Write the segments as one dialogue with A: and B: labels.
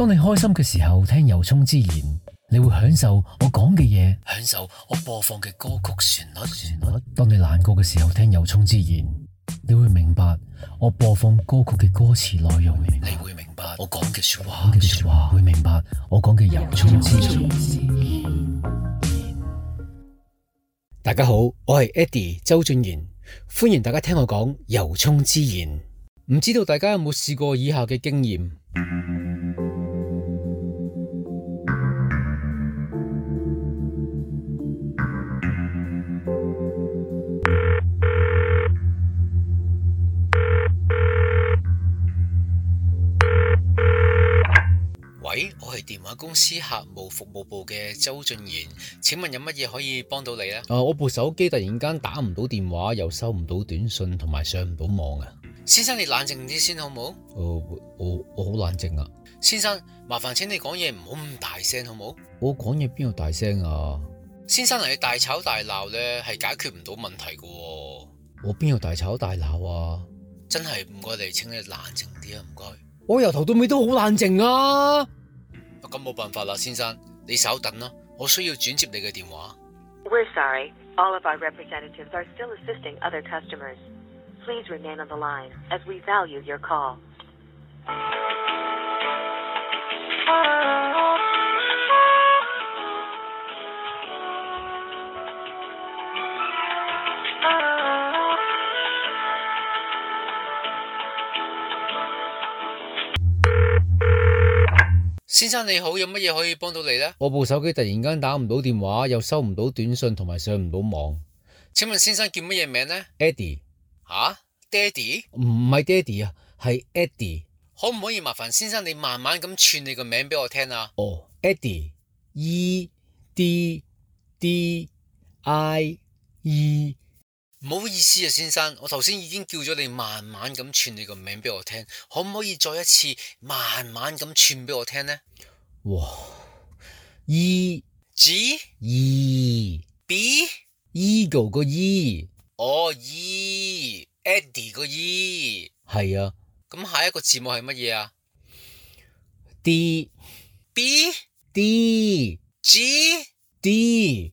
A: 當你開心嘅時候，聽由衷之言，你會享受我講嘅嘢，享受我播放嘅歌曲旋律。旋律。當你難過嘅時候，聽由衷之言，你會明白我播放歌曲嘅歌詞內容，你會明白我講嘅說話，會明白我講嘅由衷之言。大家好，我係 Eddie 周俊賢，歡迎大家聽我講由衷之言。唔知道大家有冇試過以下嘅經驗？電話公司客戶服務部嘅周俊賢，請問有乜嘢可以幫到你呢？誒、啊，我部手機突然間打唔到電話，又收唔到短信，同埋上唔到網嘅、啊。先生，你冷靜啲先，好唔好？哦、我我，我好冷靜啊。先生，麻煩請你講嘢唔好咁大聲，好唔好？我講嘢邊有大聲啊？先生，你大吵大鬧呢係解決唔到問題嘅、啊。我邊有大吵大鬧啊？真係唔該，你請你冷靜啲啊，唔該。我由頭到尾都好冷靜啊。咁冇辦法啦，先生，你稍等啦，我需要轉接你嘅電話。We're sorry. All of our representatives are still assisting other customers. Please remain on the line as we value your call. 先生你好，有乜嘢可以幫到你呢？我部手機突然間打唔到電話，又收唔到短信，同埋上唔到網。請問先生叫乜嘢名呢？Eddie。吓？Daddy？唔係 Daddy 啊，係 Eddie。可唔可以麻煩先生你慢慢咁串你個名俾我聽啊？哦，Eddie E D D I E。唔好意思啊，先生，我頭先已經叫咗你慢慢咁串你個名俾我聽，可唔可以再一次慢慢咁串俾我聽呢？哇，E G E B Eagle 個 E，哦，E，Eddie 個 E，係啊。咁下一個字母係乜嘢啊？D B D G D。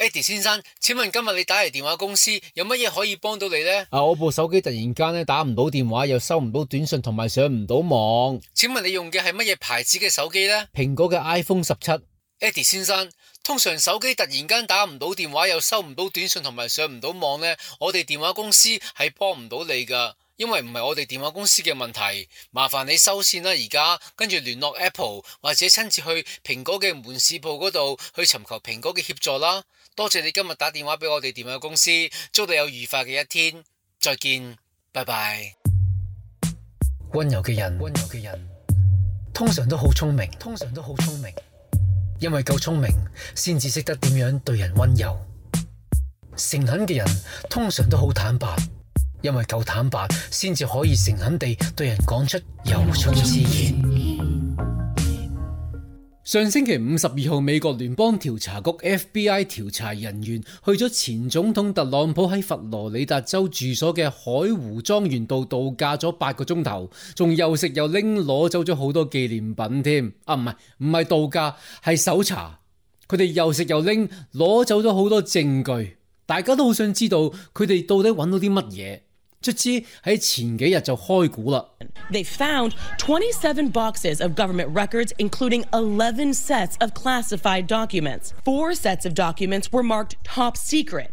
A: Eddie 先生，請問今日你打嚟電話公司有乜嘢可以幫到你呢？啊，我部手機突然間咧打唔到電話，又收唔到短信，同埋上唔到網。請問你用嘅係乜嘢牌子嘅手機呢？蘋果嘅 iPhone 十七。Eddie 先生，通常手機突然間打唔到電話，又收唔到短信，同埋上唔到網咧，我哋電話公司係幫唔到你㗎。因為唔係我哋電話公司嘅問題，麻煩你收線啦。而家跟住聯絡 Apple 或者親自去蘋果嘅門市部嗰度去尋求蘋果嘅協助啦。多謝你今日打電話俾我哋電話公司，祝你有愉快嘅一天。再見，拜拜。溫柔嘅人，溫柔嘅人通常都好聰明，通常都好聰明，因為夠聰明先至識得點樣對人溫柔。誠懇嘅人通常都好坦白。因為夠坦白，先至可以誠懇地對人講出有中之言。上星期五十二號，美國聯邦調查局 FBI 調查人員去咗前總統特朗普喺佛羅里達州住所嘅海湖莊園度度假咗八個鐘頭，仲又食又拎攞走咗好多紀念品添。啊，唔係唔係度假，係搜查。佢哋又食又拎攞走咗好多證據，大家都好想知道佢哋到底揾到啲乜嘢。出資喺前幾日就開股啦。They found 27 boxes of government records, including 11 sets of classified documents. Four sets of documents were marked top secret.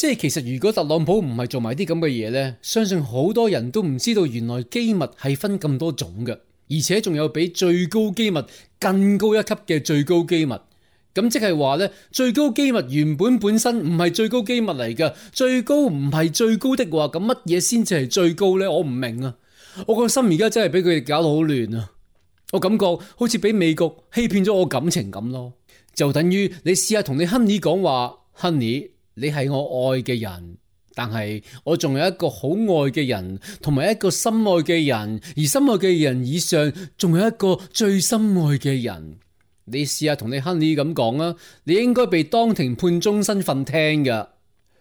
A: 即係其實，如果特朗普唔係做埋啲咁嘅嘢咧，相信好多人都唔知道原來機密係分咁多種嘅，而且仲有比最高機密更高一級嘅最高機密。咁即係話咧，最高機密原本本身唔係最高機密嚟嘅，最高唔係最高的話，咁乜嘢先至係最高咧？我唔明啊！我個心而家真係俾佢哋搞到好亂啊！我感覺好似俾美國欺騙咗我感情咁咯，就等於你試下同你 Honey 講話，Honey。你係我愛嘅人，但係我仲有一個好愛嘅人，同埋一個深愛嘅人，而深愛嘅人以上，仲有一個最深愛嘅人。你試下同你亨利咁講啊！你應該被當庭判終身瞓廳㗎。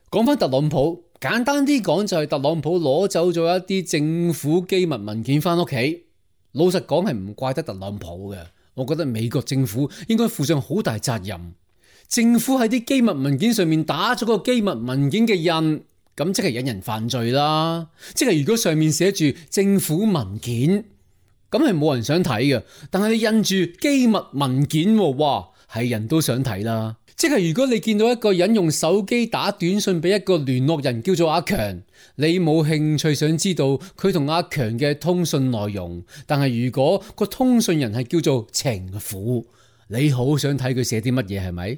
A: 講返特朗普，簡單啲講就係特朗普攞走咗一啲政府機密文件返屋企。老實講，係唔怪得特朗普嘅，我覺得美國政府應該負上好大責任。政府喺啲機密文件上面打咗個機密文件嘅印，咁即係引人犯罪啦。即係如果上面寫住政府文件，咁係冇人想睇嘅。但係你印住機密文件，哇，係人都想睇啦。即係如果你見到一個人用手機打短信俾一個聯絡人叫做阿強，你冇興趣想知道佢同阿強嘅通訊內容，但係如果個通訊人係叫做情婦，你好想睇佢寫啲乜嘢，係咪？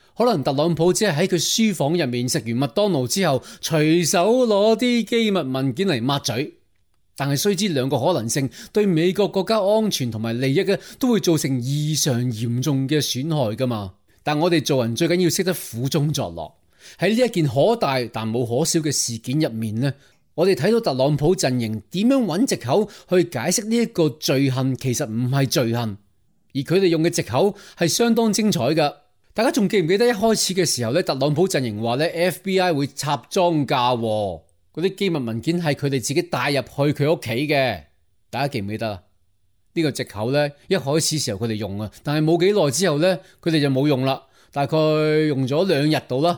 A: 可能特朗普只係喺佢書房入面食完麥當勞之後，隨手攞啲機密文件嚟抹嘴。但係雖知兩個可能性對美國國家安全同埋利益咧，都會造成異常嚴重嘅損害噶嘛。但我哋做人最緊要識得苦中作樂。喺呢一件可大但冇可小嘅事件入面呢，我哋睇到特朗普陣營點樣揾藉口去解釋呢一個罪行其實唔係罪行，而佢哋用嘅藉口係相當精彩噶。大家仲記唔記得一開始嘅時候咧，特朗普陣營話咧 FBI 會插贓㗎嗰啲機密文件係佢哋自己帶入去佢屋企嘅。大家記唔記得啦？呢、這個借口咧，一開始時候佢哋用啊，但係冇幾耐之後咧，佢哋就冇用啦，大概用咗兩日度啦。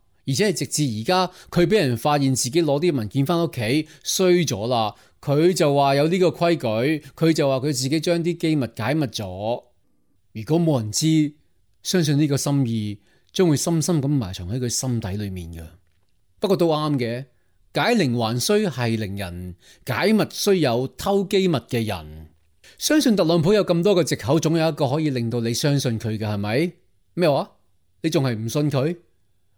A: 而且係直至而家，佢俾人發現自己攞啲文件翻屋企衰咗啦，佢就話有呢個規矩，佢就話佢自己將啲機密解密咗。如果冇人知，相信呢個心意將會深深咁埋藏喺佢心底裏面嘅。不過都啱嘅，解鈴還需繫鈴人，解密需有偷機密嘅人。相信特朗普有咁多個借口，總有一個可以令到你相信佢嘅，係咪？咩話？你仲係唔信佢？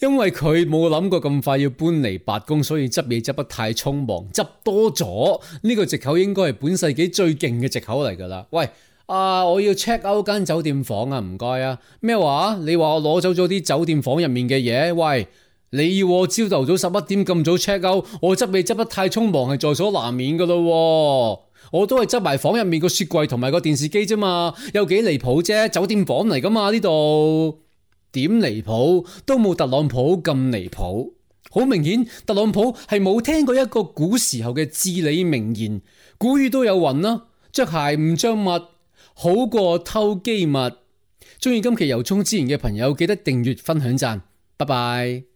A: 因為佢冇諗過咁快要搬嚟白宮，所以執嘢執得太匆忙，執多咗。呢、這個借口應該係本世紀最勁嘅借口嚟噶啦。喂，啊，我要 check out 間酒店房啊，唔該啊。咩話？你話我攞走咗啲酒店房入面嘅嘢？喂，你要朝頭早十一點咁早 check out，我執嘢執得太匆忙係在所難免噶咯、啊。我都係執埋房入面個雪櫃同埋個電視機啫嘛，有幾離譜啫？酒店房嚟噶嘛呢度。點離譜都冇特朗普咁離譜，好明顯特朗普係冇聽過一個古時候嘅至理名言，古語都有云啦，着鞋唔着襪好過偷機密。中意今期由衷之言嘅朋友，記得訂閱、分享、贊，拜拜。